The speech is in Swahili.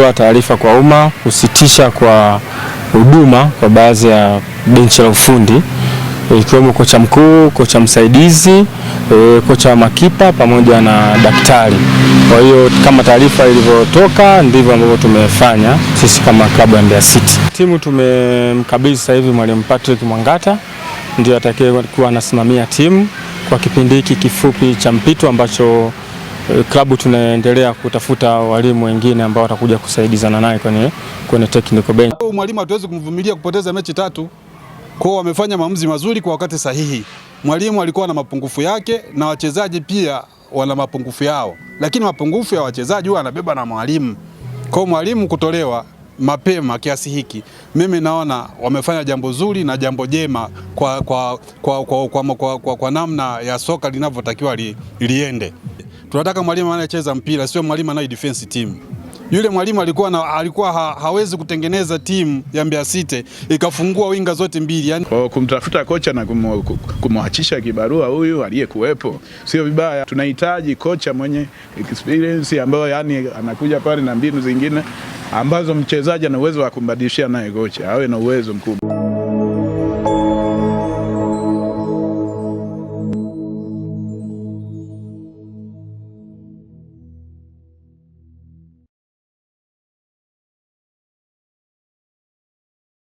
Kutoa taarifa kwa umma kusitisha kwa huduma kwa baadhi ya benchi la ufundi ikiwemo kocha mkuu, kocha msaidizi, e, kocha wa makipa pamoja na daktari. Kwa hiyo kama taarifa ilivyotoka ndivyo ambavyo tumefanya sisi kama klabu ya Mbeya City. Timu tumemkabidhi sasa hivi mwalimu Patrick Mwangata ndio atakayekuwa anasimamia timu kwa kipindi hiki kifupi cha mpito ambacho Eh, klabu tunaendelea kutafuta walimu wengine ambao watakuja kusaidizana naye kwenye, kwenye technical bench. Mwalimu hatuwezi kumvumilia kupoteza mechi tatu, kwao wamefanya maamuzi mazuri kwa wakati sahihi. Mwalimu alikuwa na mapungufu yake na wachezaji pia wana mapungufu yao, lakini mapungufu ya wachezaji huwa anabeba na mwalimu. Kwa mwalimu kutolewa mapema kiasi hiki, mimi naona wamefanya jambo zuri na jambo jema kwa, kwa, kwa, kwa, kwa, kwa, kwa, kwa, kwa namna ya soka linavyotakiwa li, liende tunataka mwalimu anayecheza mpira, sio mwalimu anaye defense team. Yule mwalimu alikuwa na, alikuwa ha, hawezi kutengeneza timu ya Mbeya City ikafungua winga zote mbili yani. Kwa kumtafuta kocha na kumwachisha kibarua huyu aliyekuwepo sio vibaya. Tunahitaji kocha mwenye experience ambayo yani anakuja pale na mbinu zingine ambazo mchezaji ana uwezo wa kumbadilishia naye kocha, awe na uwezo mkubwa.